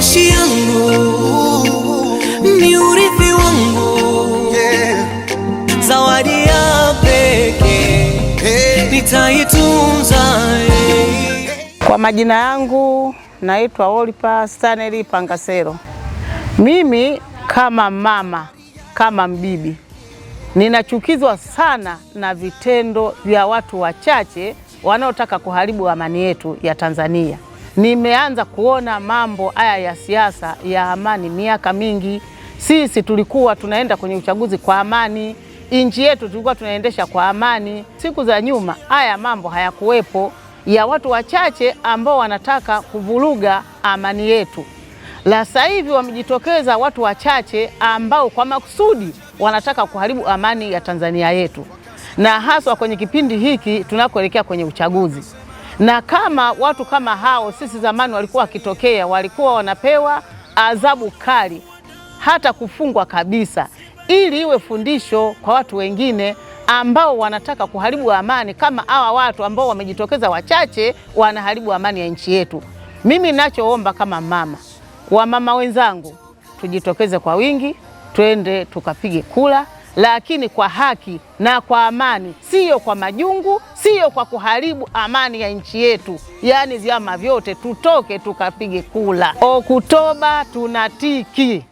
nchi yangu ni urithi wangu, zawadi ya pekee nitaitunza. Kwa majina yangu naitwa Olipa Stanley Pangasero. Mimi kama mama, kama mbibi, ninachukizwa sana na vitendo vya watu wachache wanaotaka kuharibu amani yetu ya Tanzania nimeanza kuona mambo haya ya siasa ya amani miaka mingi. Sisi tulikuwa tunaenda kwenye uchaguzi kwa amani, nchi yetu tulikuwa tunaendesha kwa amani. Siku za nyuma haya mambo hayakuwepo, ya watu wachache ambao wanataka kuvuruga amani yetu. La sasa hivi wamejitokeza watu wachache ambao kwa makusudi wanataka kuharibu amani ya Tanzania yetu, na haswa kwenye kipindi hiki tunakoelekea kwenye uchaguzi na kama watu kama hao, sisi zamani walikuwa wakitokea, walikuwa wanapewa adhabu kali, hata kufungwa kabisa, ili iwe fundisho kwa watu wengine ambao wanataka kuharibu amani, kama hawa watu ambao wamejitokeza wachache, wanaharibu amani ya nchi yetu. Mimi ninachoomba kama mama, wamama wenzangu, tujitokeze kwa wingi, twende tukapige kula lakini kwa haki na kwa amani, siyo kwa majungu, siyo kwa kuharibu amani ya nchi yetu. Yaani vyama vyote tutoke tukapige kula. Oktoba tunatiki.